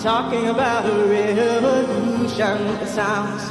talking about a revolution that sounds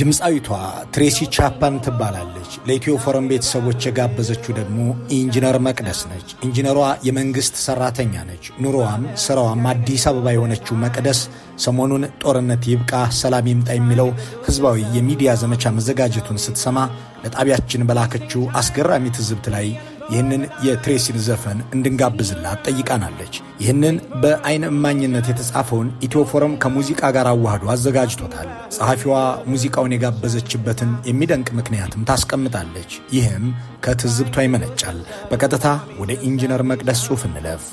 ድምፃዊቷ ትሬሲ ቻፓን ትባላለች። ለኢትዮ ፎረም ቤተሰቦች የጋበዘችው ደግሞ ኢንጂነር መቅደስ ነች። ኢንጂነሯ የመንግስት ሰራተኛ ነች። ኑሮዋም ስራዋም አዲስ አበባ የሆነችው መቅደስ ሰሞኑን ጦርነት ይብቃ ሰላም ይምጣ የሚለው ህዝባዊ የሚዲያ ዘመቻ መዘጋጀቱን ስትሰማ ለጣቢያችን በላከችው አስገራሚ ትዝብት ላይ ይህንን የትሬሲን ዘፈን እንድንጋብዝላት ጠይቃናለች። ይህንን በአይን እማኝነት የተጻፈውን ኢትዮፎረም ከሙዚቃ ጋር አዋህዶ አዘጋጅቶታል። ጸሐፊዋ ሙዚቃውን የጋበዘችበትን የሚደንቅ ምክንያትም ታስቀምጣለች። ይህም ከትዝብቷ ይመነጫል። በቀጥታ ወደ ኢንጂነር መቅደስ ጽሑፍ እንለፍ።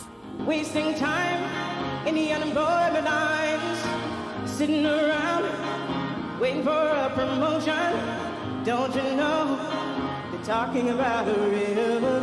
talking about a river?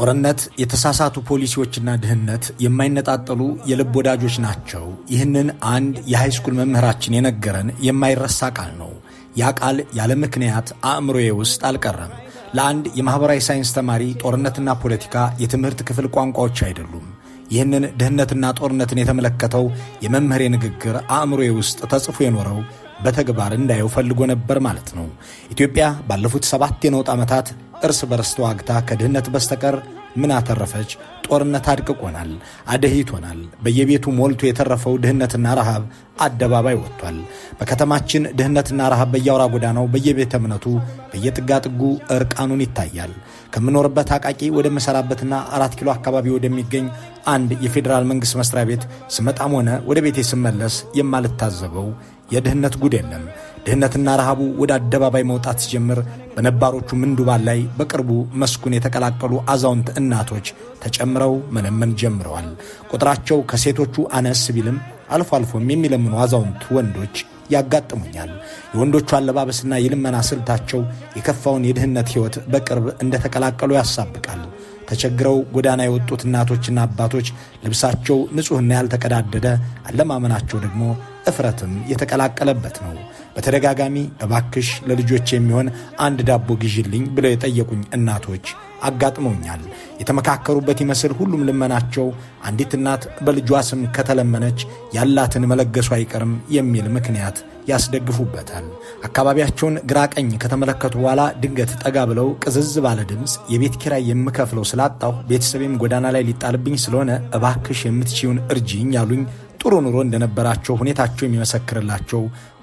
ጦርነት፣ የተሳሳቱ ፖሊሲዎችና ድህነት የማይነጣጠሉ የልብ ወዳጆች ናቸው። ይህንን አንድ የሃይስኩል መምህራችን የነገረን የማይረሳ ቃል ነው። ያ ቃል ያለ ምክንያት አእምሮዬ ውስጥ አልቀረም። ለአንድ የማኅበራዊ ሳይንስ ተማሪ ጦርነትና ፖለቲካ የትምህርት ክፍል ቋንቋዎች አይደሉም። ይህንን ድህነትና ጦርነትን የተመለከተው የመምህሬ ንግግር አእምሮዬ ውስጥ ተጽፎ የኖረው በተግባር እንዳየው ፈልጎ ነበር ማለት ነው። ኢትዮጵያ ባለፉት ሰባት የነውጥ ዓመታት እርስ በርስ ተዋግታ ከድህነት በስተቀር ምን አተረፈች? ጦርነት አድቅቆናል፣ አደሂቶናል። በየቤቱ ሞልቶ የተረፈው ድህነትና ረሃብ አደባባይ ወጥቷል። በከተማችን ድህነትና ረሃብ በየአውራ ጎዳናው፣ በየቤተ እምነቱ፣ በየጥጋጥጉ እርቃኑን ይታያል። ከምኖርበት አቃቂ ወደምሰራበትና አራት ኪሎ አካባቢ ወደሚገኝ አንድ የፌዴራል መንግሥት መስሪያ ቤት ስመጣም ሆነ ወደ ቤቴ ስመለስ የማልታዘበው የድህነት ጉድ የለም። ድህነትና ረሃቡ ወደ አደባባይ መውጣት ሲጀምር በነባሮቹ ምንዱባን ላይ በቅርቡ መስኩን የተቀላቀሉ አዛውንት እናቶች ተጨምረው መለመን ጀምረዋል። ቁጥራቸው ከሴቶቹ አነስ ቢልም አልፎ አልፎም የሚለምኑ አዛውንት ወንዶች ያጋጥሙኛል። የወንዶቹ አለባበስና የልመና ስልታቸው የከፋውን የድህነት ሕይወት በቅርብ እንደተቀላቀሉ ያሳብቃል። ተቸግረው ጎዳና የወጡት እናቶችና አባቶች ልብሳቸው ንጹሕና ያልተቀዳደደ፣ አለማመናቸው ደግሞ እፍረትም የተቀላቀለበት ነው። በተደጋጋሚ እባክሽ ለልጆች የሚሆን አንድ ዳቦ ግዢልኝ ብለው የጠየቁኝ እናቶች አጋጥመውኛል። የተመካከሩበት ይመስል ሁሉም ልመናቸው አንዲት እናት በልጇ ስም ከተለመነች ያላትን መለገሱ አይቀርም የሚል ምክንያት ያስደግፉበታል። አካባቢያቸውን ግራ ቀኝ ከተመለከቱ በኋላ ድንገት ጠጋ ብለው ቅዝዝ ባለ ድምፅ የቤት ኪራይ የምከፍለው ስላጣሁ ቤተሰቤም ጎዳና ላይ ሊጣልብኝ ስለሆነ እባክሽ የምትችውን እርጂኝ ያሉኝ ጥሩ ኑሮ እንደነበራቸው ሁኔታቸው የሚመሰክርላቸው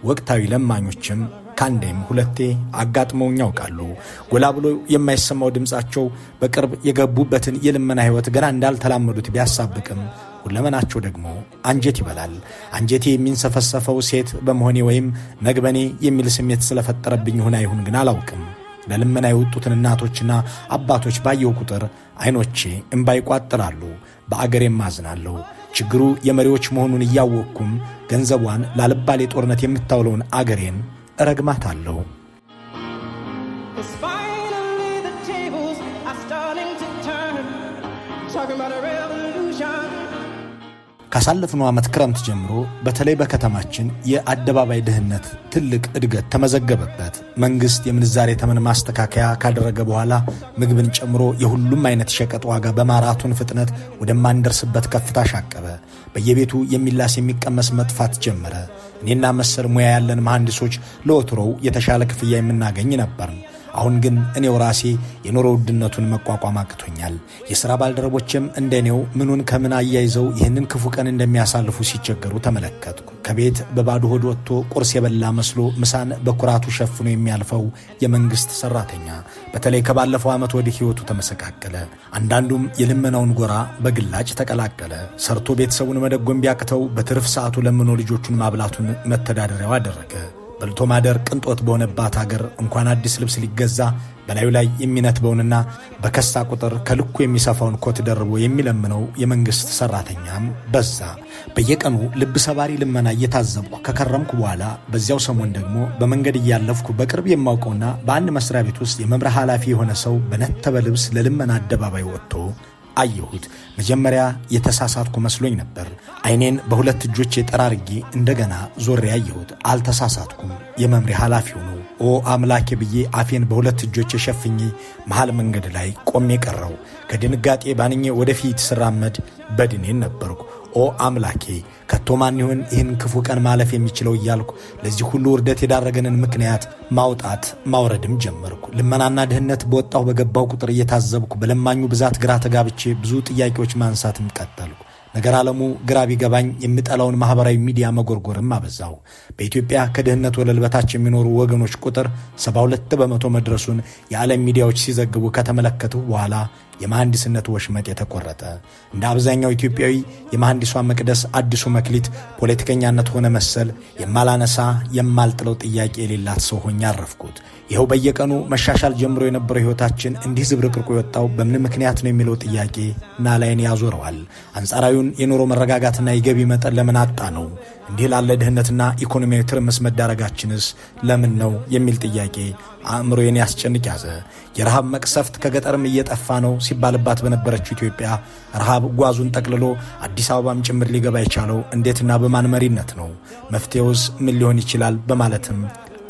ወቅታዊ ለማኞችም ከአንዴም ሁለቴ አጋጥመውኝ ያውቃሉ። ጎላ ብሎ የማይሰማው ድምፃቸው በቅርብ የገቡበትን የልመና ሕይወት ገና እንዳልተላመዱት ቢያሳብቅም ሁለመናቸው ደግሞ አንጀት ይበላል። አንጀቴ የሚንሰፈሰፈው ሴት በመሆኔ ወይም መግበኔ የሚል ስሜት ስለፈጠረብኝ ይሁን አይሁን ግን አላውቅም። ለልመና የወጡትን እናቶችና አባቶች ባየው ቁጥር አይኖቼ እምባ ይቋጥራሉ። በአገሬም አዝናለሁ። ችግሩ የመሪዎች መሆኑን እያወቅኩም ገንዘቧን ላልባሌ ጦርነት የምታውለውን አገሬን እረግማታለሁ። ካሳለፍነው ዓመት ክረምት ጀምሮ በተለይ በከተማችን የአደባባይ ድህነት ትልቅ እድገት ተመዘገበበት። መንግሥት የምንዛሬ ተመን ማስተካከያ ካደረገ በኋላ ምግብን ጨምሮ የሁሉም አይነት ሸቀጥ ዋጋ በማራቱን ፍጥነት ወደማንደርስበት ከፍታ ሻቀበ። በየቤቱ የሚላስ የሚቀመስ መጥፋት ጀመረ። እኔና መሰል ሙያ ያለን መሐንዲሶች ለወትሮው የተሻለ ክፍያ የምናገኝ ነበርን። አሁን ግን እኔው ራሴ የኑሮ ውድነቱን መቋቋም አቅቶኛል። የሥራ ባልደረቦችም እንደ እኔው ምኑን ከምን አያይዘው ይህንን ክፉ ቀን እንደሚያሳልፉ ሲቸገሩ ተመለከትኩ። ከቤት በባዶ ሆድ ወጥቶ ቁርስ የበላ መስሎ ምሳን በኩራቱ ሸፍኖ የሚያልፈው የመንግሥት ሠራተኛ በተለይ ከባለፈው ዓመት ወዲህ ሕይወቱ ተመሰቃቀለ። አንዳንዱም የልመናውን ጎራ በግላጭ ተቀላቀለ። ሰርቶ ቤተሰቡን መደጎም ቢያቅተው በትርፍ ሰዓቱ ለምኖ ልጆቹን ማብላቱን መተዳደሪያው አደረገ። በልቶ ማደር ቅንጦት በሆነባት አገር እንኳን አዲስ ልብስ ሊገዛ በላዩ ላይ የሚነትበውንና በከሳ ቁጥር ከልኩ የሚሰፋውን ኮት ደርቦ የሚለምነው የመንግሥት ሠራተኛም በዛ። በየቀኑ ልብ ሰባሪ ልመና እየታዘብኩ ከከረምኩ በኋላ በዚያው ሰሞን ደግሞ በመንገድ እያለፍኩ በቅርብ የማውቀውና በአንድ መስሪያ ቤት ውስጥ የመምሪያ ኃላፊ የሆነ ሰው በነተበ ልብስ ለልመና አደባባይ ወጥቶ አየሁት። መጀመሪያ የተሳሳትኩ መስሎኝ ነበር። አይኔን በሁለት እጆች ጠራርጌ እንደገና ዞሬ አየሁት። አልተሳሳትኩም። የመምሪያ ኃላፊው ነው። ኦ አምላኬ ብዬ አፌን በሁለት እጆች ሸፍኜ መሃል መንገድ ላይ ቆሜ ቀረው። ከድንጋጤ ባንኜ ወደፊት ስራመድ በድኔን ነበርኩ። ኦ አምላኬ ከቶ ማን ይሆን ይህን ክፉ ቀን ማለፍ የሚችለው እያልኩ ለዚህ ሁሉ ውርደት የዳረገንን ምክንያት ማውጣት ማውረድም ጀመርኩ። ልመናና ድህነት በወጣሁ በገባው ቁጥር እየታዘብኩ በለማኙ ብዛት ግራ ተጋብቼ ብዙ ጥያቄዎች ማንሳትም ቀጠልኩ። ነገር ዓለሙ ግራ ቢገባኝ የምጠላውን ማኅበራዊ ሚዲያ መጎርጎርም አበዛው። በኢትዮጵያ ከድህነት ወለል በታች የሚኖሩ ወገኖች ቁጥር 72 በመቶ መድረሱን የዓለም ሚዲያዎች ሲዘግቡ ከተመለከቱ በኋላ የመሐንዲስነት ወሽመጥ የተቆረጠ እንደ አብዛኛው ኢትዮጵያዊ የመሐንዲሷ መቅደስ አዲሱ መክሊት ፖለቲከኛነት ሆነ መሰል የማላነሳ የማልጥለው ጥያቄ የሌላት ሰው ሆኜ አረፍኩት። ይኸው በየቀኑ መሻሻል ጀምሮ የነበረው ሕይወታችን እንዲህ ዝብርቅርቁ የወጣው በምን ምክንያት ነው የሚለው ጥያቄ ናላይን ያዞረዋል። አንጻራዊውን የኑሮ መረጋጋትና የገቢ መጠን ለምን አጣ ነው? እንዲህ ላለ ድህነትና ኢኮኖሚያዊ ትርምስ መዳረጋችንስ ለምን ነው የሚል ጥያቄ አእምሮዬን ያስጨንቅ ያዘ። የረሃብ መቅሰፍት ከገጠርም እየጠፋ ነው ሲባልባት በነበረችው ኢትዮጵያ ረሃብ ጓዙን ጠቅልሎ አዲስ አበባም ጭምር ሊገባ የቻለው እንዴትና በማን መሪነት ነው? መፍትሄውስ ምን ሊሆን ይችላል? በማለትም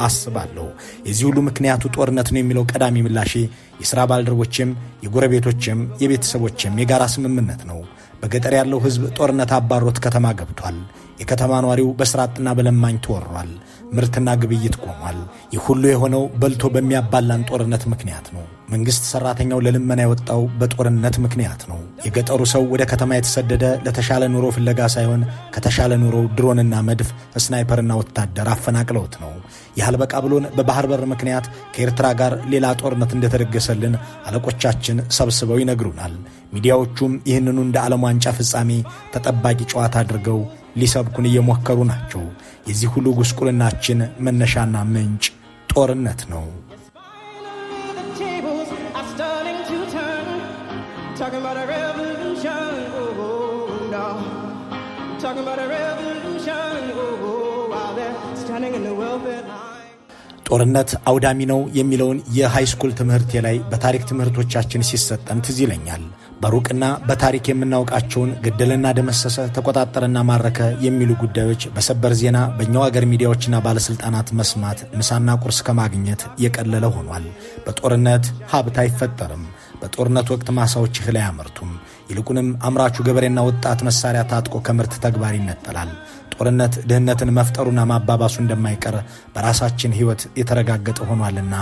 አስባለሁ። የዚህ ሁሉ ምክንያቱ ጦርነት ነው የሚለው ቀዳሚ ምላሼ የሥራ ባልደረቦችም የጎረቤቶችም የቤተሰቦችም የጋራ ስምምነት ነው። በገጠር ያለው ሕዝብ ጦርነት አባሮት ከተማ ገብቷል። የከተማ ኗሪው በስራጥና በለማኝ ተወሯል። ምርትና ግብይት ቆሟል። ይህ ሁሉ የሆነው በልቶ በሚያባላን ጦርነት ምክንያት ነው። መንግሥት ሠራተኛው ለልመና የወጣው በጦርነት ምክንያት ነው። የገጠሩ ሰው ወደ ከተማ የተሰደደ ለተሻለ ኑሮ ፍለጋ ሳይሆን ከተሻለ ኑሮ ድሮንና መድፍ፣ ስናይፐርና ወታደር አፈናቅለውት ነው። የአልበቃ ብሎን በባህር በር ምክንያት ከኤርትራ ጋር ሌላ ጦርነት እንደተደገሰልን አለቆቻችን ሰብስበው ይነግሩናል። ሚዲያዎቹም ይህንኑ እንደ ዓለም ዋንጫ ፍጻሜ ተጠባቂ ጨዋታ አድርገው ሊሰብኩን እየሞከሩ ናቸው። የዚህ ሁሉ ጉስቁልናችን መነሻና ምንጭ ጦርነት ነው። talking about a revolution, oh, oh no. I'm talking about a revolution, oh, oh, while they're standing in the welfare line. ጦርነት አውዳሚ ነው የሚለውን የሃይስኩል ትምህርቴ ላይ በታሪክ ትምህርቶቻችን ሲሰጠን ትዝ ይለኛል። በሩቅና በታሪክ የምናውቃቸውን ግድልና ደመሰሰ፣ ተቆጣጠረና ማረከ የሚሉ ጉዳዮች በሰበር ዜና በእኛው አገር ሚዲያዎችና ባለሥልጣናት መስማት ምሳና ቁርስ ከማግኘት የቀለለ ሆኗል። በጦርነት ሀብት አይፈጠርም። በጦርነት ወቅት ማሳዎች እህል አያመርቱም። ይልቁንም አምራቹ ገበሬና ወጣት መሳሪያ ታጥቆ ከምርት ተግባር ይነጠላል። ጦርነት ድህነትን መፍጠሩና ማባባሱ እንደማይቀር በራሳችን ሕይወት የተረጋገጠ ሆኗልና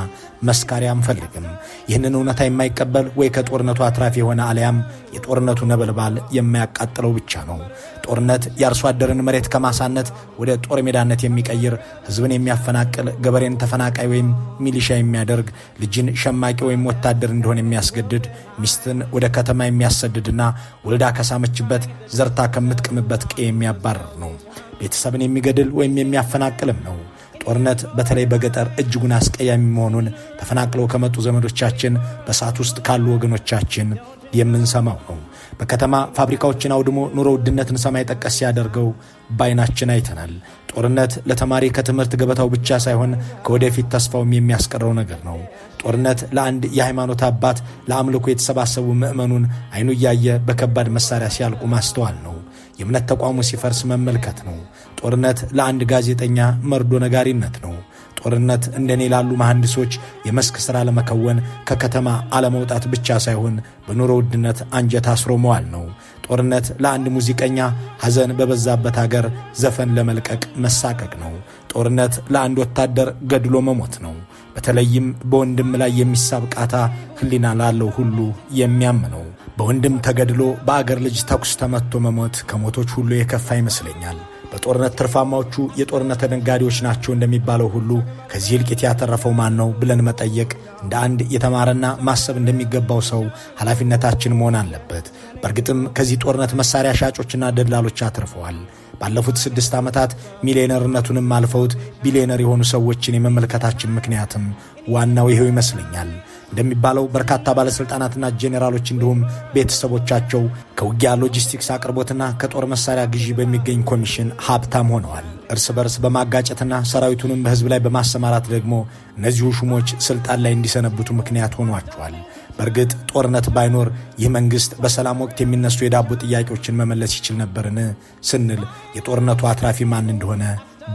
መስካሪ አንፈልግም። ይህንን እውነታ የማይቀበል ወይ ከጦርነቱ አትራፊ የሆነ አልያም የጦርነቱ ነበልባል የማያቃጥለው ብቻ ነው። ጦርነት የአርሶ አደርን መሬት ከማሳነት ወደ ጦር ሜዳነት የሚቀይር ሕዝብን የሚያፈናቅል ገበሬን ተፈናቃይ ወይም ሚሊሻ የሚያደርግ ልጅን ሸማቂ ወይም ወታደር እንደሆነ የሚያስገድድ ሚስትን ወደ ከተማ የሚያሰድድና ወልዳ ከሳመችበት ዘርታ ከምትቅምበት ቀዬ የሚያባርር ነው። ቤተሰብን የሚገድል ወይም የሚያፈናቅልም ነው። ጦርነት በተለይ በገጠር እጅጉን አስቀያሚ መሆኑን ተፈናቅለው ከመጡ ዘመዶቻችን፣ በእሳት ውስጥ ካሉ ወገኖቻችን የምንሰማው ነው። በከተማ ፋብሪካዎችን አውድሞ ኑሮ ውድነትን ሰማይ ጠቀስ ሲያደርገው ባይናችን አይተናል። ጦርነት ለተማሪ ከትምህርት ገበታው ብቻ ሳይሆን ከወደፊት ተስፋውም የሚያስቀረው ነገር ነው። ጦርነት ለአንድ የሃይማኖት አባት ለአምልኮ የተሰባሰቡ ምዕመኑን አይኑ እያየ በከባድ መሳሪያ ሲያልቁ ማስተዋል ነው። የእምነት ተቋሙ ሲፈርስ መመልከት ነው። ጦርነት ለአንድ ጋዜጠኛ መርዶ ነጋሪነት ነው። ጦርነት እንደኔ ላሉ መሐንዲሶች የመስክ ሥራ ለመከወን ከከተማ አለመውጣት ብቻ ሳይሆን በኑሮ ውድነት አንጀት አስሮ መዋል ነው። ጦርነት ለአንድ ሙዚቀኛ ሐዘን በበዛበት አገር ዘፈን ለመልቀቅ መሳቀቅ ነው። ጦርነት ለአንድ ወታደር ገድሎ መሞት ነው። በተለይም በወንድም ላይ የሚሳብ ቃታ ህሊና ላለው ሁሉ የሚያምነው ነው። በወንድም ተገድሎ በአገር ልጅ ተኩስ ተመቶ መሞት ከሞቶች ሁሉ የከፋ ይመስለኛል። በጦርነት ትርፋማዎቹ የጦርነት ነጋዴዎች ናቸው እንደሚባለው ሁሉ ከዚህ እልቂት ያተረፈው ማን ነው ብለን መጠየቅ እንደ አንድ የተማረና ማሰብ እንደሚገባው ሰው ኃላፊነታችን መሆን አለበት። በእርግጥም ከዚህ ጦርነት መሳሪያ ሻጮችና ደላሎች አትርፈዋል። ባለፉት ስድስት ዓመታት ሚሊዮነርነቱንም አልፈውት ቢሊዮነር የሆኑ ሰዎችን የመመልከታችን ምክንያትም ዋናው ይኸው ይመስለኛል። እንደሚባለው በርካታ ባለሥልጣናትና ጄኔራሎች እንዲሁም ቤተሰቦቻቸው ከውጊያ ሎጂስቲክስ አቅርቦትና ከጦር መሳሪያ ግዢ በሚገኝ ኮሚሽን ሀብታም ሆነዋል። እርስ በርስ በማጋጨትና ሰራዊቱንም በሕዝብ ላይ በማሰማራት ደግሞ እነዚሁ ሹሞች ስልጣን ላይ እንዲሰነብቱ ምክንያት ሆኗቸዋል። በእርግጥ ጦርነት ባይኖር ይህ መንግሥት በሰላም ወቅት የሚነሱ የዳቦ ጥያቄዎችን መመለስ ይችል ነበርን ስንል የጦርነቱ አትራፊ ማን እንደሆነ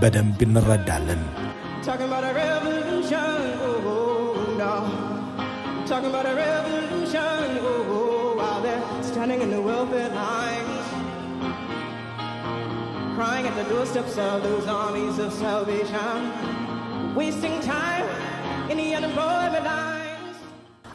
በደንብ እንረዳለን። crying at the doorsteps of those armies of salvation, wasting time in the unemployment line.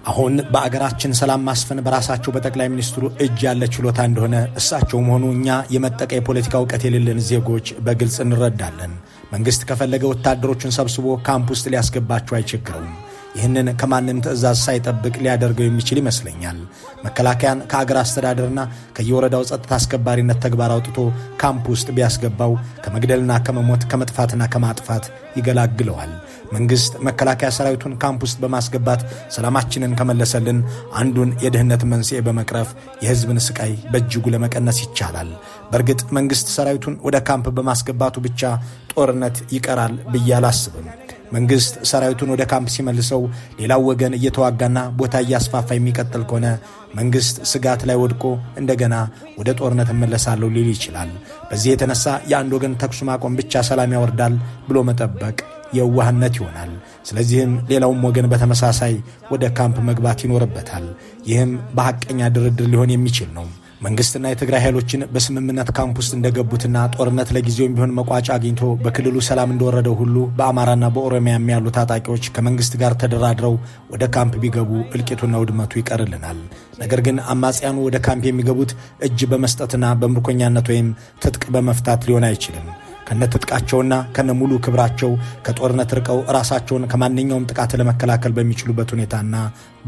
አሁን በአገራችን ሰላም ማስፈን በራሳቸው በጠቅላይ ሚኒስትሩ እጅ ያለ ችሎታ እንደሆነ እሳቸው መሆኑ እኛ የመጠቀ የፖለቲካ እውቀት የሌለን ዜጎች በግልጽ እንረዳለን። መንግሥት ከፈለገ ወታደሮቹን ሰብስቦ ካምፕ ውስጥ ሊያስገባቸው አይቸግረውም። ይህንን ከማንም ትዕዛዝ ሳይጠብቅ ሊያደርገው የሚችል ይመስለኛል። መከላከያን ከአገር አስተዳደርና ከየወረዳው ጸጥታ አስከባሪነት ተግባር አውጥቶ ካምፕ ውስጥ ቢያስገባው ከመግደልና ከመሞት ከመጥፋትና ከማጥፋት ይገላግለዋል። መንግሥት መከላከያ ሰራዊቱን ካምፕ ውስጥ በማስገባት ሰላማችንን ከመለሰልን አንዱን የድህነት መንስኤ በመቅረፍ የሕዝብን ስቃይ በእጅጉ ለመቀነስ ይቻላል። በእርግጥ መንግሥት ሰራዊቱን ወደ ካምፕ በማስገባቱ ብቻ ጦርነት ይቀራል ብዬ አላስብም። መንግስት ሰራዊቱን ወደ ካምፕ ሲመልሰው ሌላው ወገን እየተዋጋና ቦታ እያስፋፋ የሚቀጥል ከሆነ መንግስት ስጋት ላይ ወድቆ እንደገና ወደ ጦርነት እመለሳለሁ ሊል ይችላል። በዚህ የተነሳ የአንድ ወገን ተኩስ ማቆም ብቻ ሰላም ያወርዳል ብሎ መጠበቅ የዋህነት ይሆናል። ስለዚህም ሌላውም ወገን በተመሳሳይ ወደ ካምፕ መግባት ይኖርበታል። ይህም በሐቀኛ ድርድር ሊሆን የሚችል ነው። መንግስትና የትግራይ ኃይሎችን በስምምነት ካምፕ ውስጥ እንደገቡትና ጦርነት ለጊዜውም ቢሆን መቋጫ አግኝቶ በክልሉ ሰላም እንደወረደው ሁሉ በአማራና በኦሮሚያም ያሉ ታጣቂዎች ከመንግስት ጋር ተደራድረው ወደ ካምፕ ቢገቡ እልቂቱና ውድመቱ ይቀርልናል። ነገር ግን አማጽያኑ ወደ ካምፕ የሚገቡት እጅ በመስጠትና በምርኮኛነት ወይም ትጥቅ በመፍታት ሊሆን አይችልም። ከነ ትጥቃቸውና ከነ ሙሉ ክብራቸው ከጦርነት ርቀው ራሳቸውን ከማንኛውም ጥቃት ለመከላከል በሚችሉበት ሁኔታና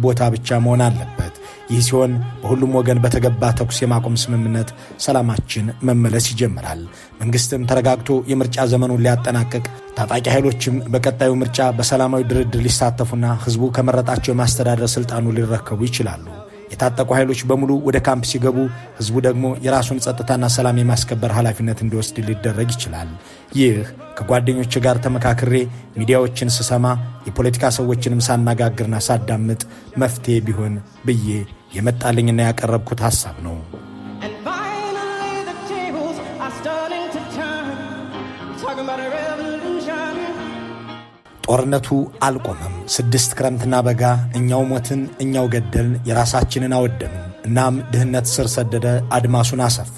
ቦታ ብቻ መሆን አለበት። ይህ ሲሆን በሁሉም ወገን በተገባ ተኩስ የማቆም ስምምነት ሰላማችን መመለስ ይጀምራል። መንግስትም ተረጋግቶ የምርጫ ዘመኑን ሊያጠናቅቅ፣ ታጣቂ ኃይሎችም በቀጣዩ ምርጫ በሰላማዊ ድርድር ሊሳተፉና ህዝቡ ከመረጣቸው የማስተዳደር ስልጣኑ ሊረከቡ ይችላሉ። የታጠቁ ኃይሎች በሙሉ ወደ ካምፕ ሲገቡ ህዝቡ ደግሞ የራሱን ጸጥታና ሰላም የማስከበር ኃላፊነት እንዲወስድ ሊደረግ ይችላል። ይህ ከጓደኞች ጋር ተመካክሬ ሚዲያዎችን ስሰማ የፖለቲካ ሰዎችንም ሳናጋግርና ሳዳምጥ መፍትሄ ቢሆን ብዬ የመጣልኝና ያቀረብኩት ሐሳብ ነው። ጦርነቱ አልቆመም። ስድስት ክረምትና በጋ እኛው ሞትን፣ እኛው ገደልን፣ የራሳችንን አወደምን። እናም ድህነት ስር ሰደደ፣ አድማሱን አሰፋ።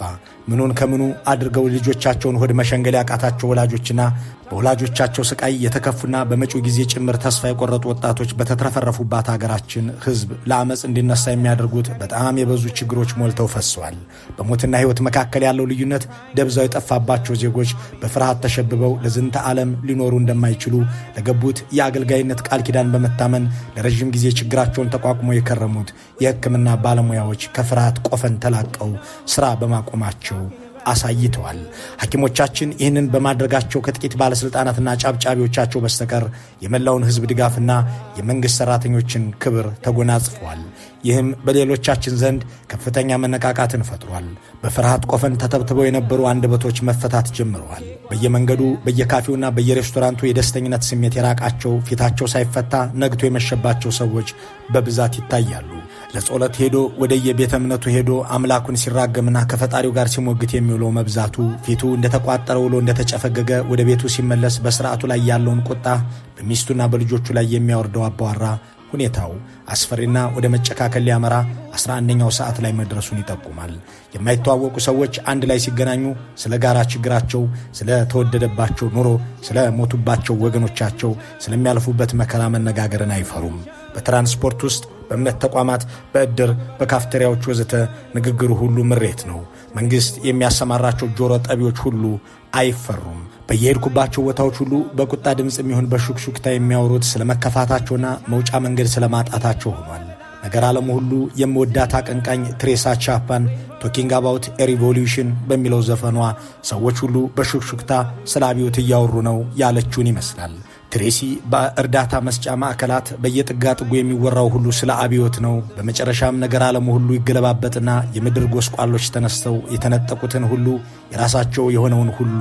ምኑን ከምኑ አድርገው ልጆቻቸውን ሆድ መሸንገል ያቃታቸው ወላጆችና በወላጆቻቸው ስቃይ የተከፉና በመጪው ጊዜ ጭምር ተስፋ የቆረጡ ወጣቶች በተትረፈረፉባት አገራችን ሕዝብ ለአመፅ እንዲነሳ የሚያደርጉት በጣም የበዙ ችግሮች ሞልተው ፈሰዋል። በሞትና ሕይወት መካከል ያለው ልዩነት ደብዛው የጠፋባቸው ዜጎች በፍርሃት ተሸብበው ለዝንተ ዓለም ሊኖሩ እንደማይችሉ ለገቡት የአገልጋይነት ቃል ኪዳን በመታመን ለረዥም ጊዜ ችግራቸውን ተቋቁሞ የከረሙት የሕክምና ባለሙያዎች ከፍርሃት ቆፈን ተላቀው ሥራ በማቆማቸው መሆናቸው አሳይተዋል። ሐኪሞቻችን ይህንን በማድረጋቸው ከጥቂት ባለሥልጣናትና ጫብጫቢዎቻቸው በስተቀር የመላውን ሕዝብ ድጋፍና የመንግሥት ሠራተኞችን ክብር ተጎናጽፈዋል። ይህም በሌሎቻችን ዘንድ ከፍተኛ መነቃቃትን ፈጥሯል። በፍርሃት ቆፈን ተተብትበው የነበሩ አንደበቶች መፈታት ጀምረዋል። በየመንገዱ በየካፌውና በየሬስቶራንቱ የደስተኝነት ስሜት የራቃቸው ፊታቸው ሳይፈታ ነግቶ የመሸባቸው ሰዎች በብዛት ይታያሉ። ለጸሎት ሄዶ ወደየቤተ እምነቱ ሄዶ አምላኩን ሲራገምና ከፈጣሪው ጋር ሲሞግት የሚውለው መብዛቱ ፊቱ እንደተቋጠረ ውሎ እንደተጨፈገገ ወደ ቤቱ ሲመለስ በስርዓቱ ላይ ያለውን ቁጣ በሚስቱና በልጆቹ ላይ የሚያወርደው አባዋራ ሁኔታው አስፈሪና ወደ መጨካከል ሊያመራ 11ኛው ሰዓት ላይ መድረሱን ይጠቁማል። የማይተዋወቁ ሰዎች አንድ ላይ ሲገናኙ ስለ ጋራ ችግራቸው፣ ስለተወደደባቸው ኑሮ፣ ስለሞቱባቸው ወገኖቻቸው፣ ስለሚያልፉበት መከራ መነጋገርን አይፈሩም። በትራንስፖርት ውስጥ በእምነት ተቋማት፣ በእድር፣ በካፍቴሪያዎች ወዘተ ንግግሩ ሁሉ ምሬት ነው። መንግሥት የሚያሰማራቸው ጆሮ ጠቢዎች ሁሉ አይፈሩም። በየሄድኩባቸው ቦታዎች ሁሉ በቁጣ ድምፅ የሚሆን በሹክሹክታ የሚያወሩት ስለ መከፋታቸውና መውጫ መንገድ ስለማጣታቸው ሆኗል። ነገር ዓለሙ ሁሉ የምወዳት አቀንቃኝ ትሬሳ ቻፓን ቶኪንግ አባውት ሪቮሉሽን በሚለው ዘፈኗ ሰዎች ሁሉ በሹክሹክታ ስለ አብዮት እያወሩ ነው ያለችውን ይመስላል። ትሬሲ በእርዳታ መስጫ ማዕከላት በየጥጋ ጥጉ የሚወራው ሁሉ ስለ አብዮት ነው። በመጨረሻም ነገር ዓለሙ ሁሉ ይገለባበጥና የምድር ጎስቋሎች ተነስተው የተነጠቁትን ሁሉ የራሳቸው የሆነውን ሁሉ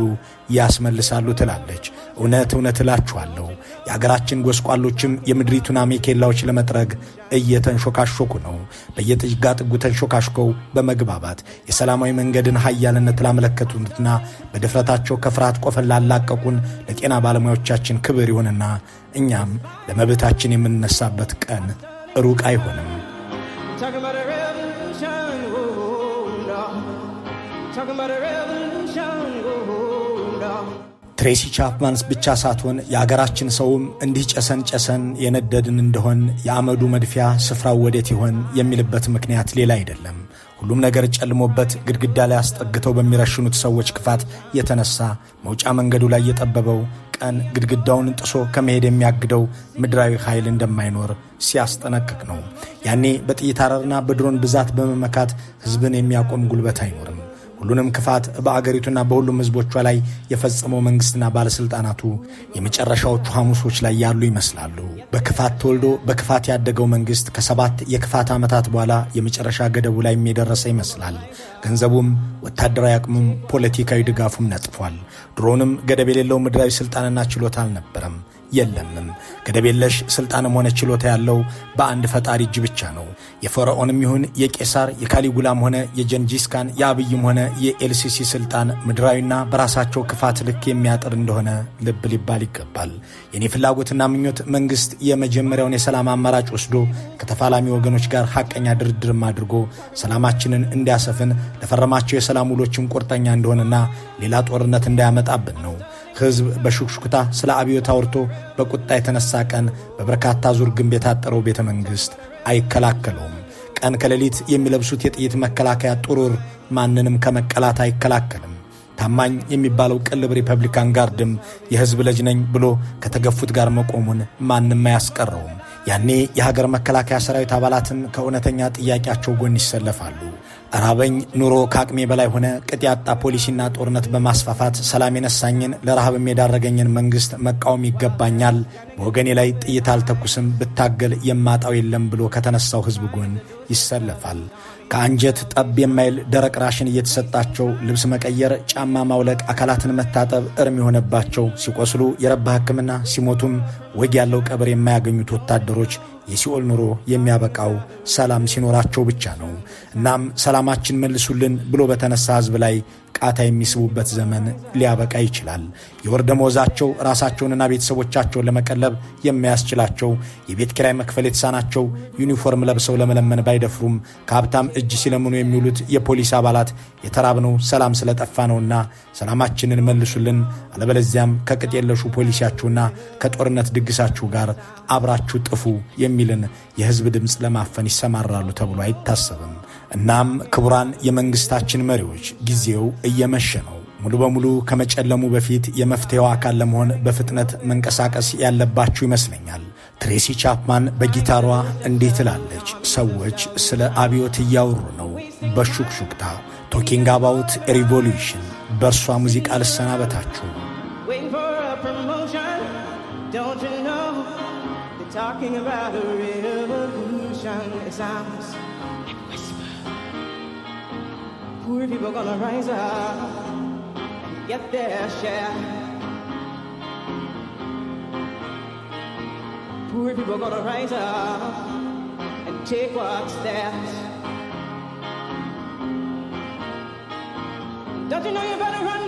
ያስመልሳሉ ትላለች። እውነት እውነት እላችኋለሁ የሀገራችን ጎስቋሎችም የምድሪቱን አሜኬላዎች ለመጥረግ እየተንሾካሾኩ ነው። በየጥጅጋ ጥጉ ተንሾካሽከው በመግባባት የሰላማዊ መንገድን ሀያልነት ላመለከቱትና በድፍረታቸው ከፍርሃት ቆፈን ላላቀቁን ለጤና ባለሙያዎቻችን ክብር ይሁንና እኛም ለመብታችን የምንነሳበት ቀን ሩቅ አይሆንም። ትሬሲ ቻፕማንስ ብቻ ሳትሆን የአገራችን ሰውም እንዲህ ጨሰን ጨሰን የነደድን እንደሆን የአመዱ መድፊያ ስፍራው ወዴት ይሆን የሚልበት ምክንያት ሌላ አይደለም። ሁሉም ነገር ጨልሞበት ግድግዳ ላይ አስጠግተው በሚረሽኑት ሰዎች ክፋት የተነሳ መውጫ መንገዱ ላይ የጠበበው ቀን ግድግዳውን ጥሶ ከመሄድ የሚያግደው ምድራዊ ኃይል እንደማይኖር ሲያስጠነቅቅ ነው። ያኔ በጥይት አረርና በድሮን ብዛት በመመካት ሕዝብን የሚያቆም ጉልበት አይኖርም። ሁሉንም ክፋት በአገሪቱና በሁሉም ህዝቦቿ ላይ የፈጸመው መንግስትና ባለሥልጣናቱ የመጨረሻዎቹ ሐሙሶች ላይ ያሉ ይመስላሉ። በክፋት ተወልዶ በክፋት ያደገው መንግስት ከሰባት የክፋት ዓመታት በኋላ የመጨረሻ ገደቡ ላይም የደረሰ ይመስላል። ገንዘቡም፣ ወታደራዊ አቅሙም፣ ፖለቲካዊ ድጋፉም ነጥፏል። ድሮንም ገደብ የሌለው ምድራዊ ሥልጣንና ችሎታ አልነበረም። የለምም። ገደብ የለሽ ስልጣንም ሆነ ችሎታ ያለው በአንድ ፈጣሪ እጅ ብቻ ነው። የፈርዖንም ይሁን የቄሳር የካሊጉላም ሆነ የጀንጂስካን የአብይም ሆነ የኤልሲሲ ስልጣን ምድራዊና በራሳቸው ክፋት ልክ የሚያጥር እንደሆነ ልብ ሊባል ይገባል። የኔ ፍላጎትና ምኞት መንግስት የመጀመሪያውን የሰላም አማራጭ ወስዶ ከተፋላሚ ወገኖች ጋር ሐቀኛ ድርድርም አድርጎ ሰላማችንን እንዲያሰፍን ለፈረማቸው የሰላም ውሎችም ቁርጠኛ እንደሆነና ሌላ ጦርነት እንዳያመጣብን ነው። ሕዝብ በሹክሹክታ ስለ አብዮት አውርቶ በቁጣ የተነሳ ቀን በበርካታ ዙር ግንብ የታጠረው ቤተ መንግሥት አይከላከለውም። ቀን ከሌሊት የሚለብሱት የጥይት መከላከያ ጥሩር ማንንም ከመቀላት አይከላከልም። ታማኝ የሚባለው ቅልብ ሪፐብሊካን ጋርድም የሕዝብ ልጅ ነኝ ብሎ ከተገፉት ጋር መቆሙን ማንም አያስቀረውም። ያኔ የሀገር መከላከያ ሰራዊት አባላትም ከእውነተኛ ጥያቄያቸው ጎን ይሰለፋሉ። ራበኝ ኑሮ ከአቅሜ በላይ ሆነ። ቅጥ ያጣ ፖሊሲና ጦርነት በማስፋፋት ሰላም የነሳኝን ለረሃብም የዳረገኝን መንግስት መቃወም ይገባኛል። በወገኔ ላይ ጥይት አልተኩስም፣ ብታገል የማጣው የለም ብሎ ከተነሳው ህዝብ ጎን ይሰለፋል። ከአንጀት ጠብ የማይል ደረቅ ራሽን እየተሰጣቸው ልብስ መቀየር፣ ጫማ ማውለቅ፣ አካላትን መታጠብ እርም የሆነባቸው ሲቆስሉ የረባ ሕክምና ሲሞቱም ወግ ያለው ቀብር የማያገኙት ወታደሮች የሲኦል ኑሮ የሚያበቃው ሰላም ሲኖራቸው ብቻ ነው። እናም ሰላማችን መልሱልን ብሎ በተነሳ ሕዝብ ላይ ቃታ የሚስቡበት ዘመን ሊያበቃ ይችላል። የወር ደመወዛቸው ራሳቸውንና ቤተሰቦቻቸውን ለመቀለብ የሚያስችላቸው የቤት ኪራይ መክፈል የተሳናቸው፣ ዩኒፎርም ለብሰው ለመለመን ባይደፍሩም ከሀብታም እጅ ሲለምኑ የሚውሉት የፖሊስ አባላት የተራብነው ሰላም ስለጠፋ ነውና ሰላማችንን መልሱልን፣ አለበለዚያም ከቅጥ የለሹ ፖሊሲያችሁና ከጦርነት ድግሳችሁ ጋር አብራችሁ ጥፉ የሚልን የህዝብ ድምፅ ለማፈን ይሰማራሉ ተብሎ አይታሰብም። እናም ክቡራን የመንግስታችን መሪዎች ጊዜው እየመሸ ነው። ሙሉ በሙሉ ከመጨለሙ በፊት የመፍትሄው አካል ለመሆን በፍጥነት መንቀሳቀስ ያለባችሁ ይመስለኛል። ትሬሲ ቻፕማን በጊታሯ እንዲህ ትላለች፣ ሰዎች ስለ አብዮት እያወሩ ነው በሹክሹክታ ቶኪንግ አባውት ሪቮሉሽን። በእርሷ ሙዚቃ ልሰናበታችሁ። Talking about a poor people gonna rise up and get their share. Poor people gonna rise up and take what's theirs. Don't you know you better run?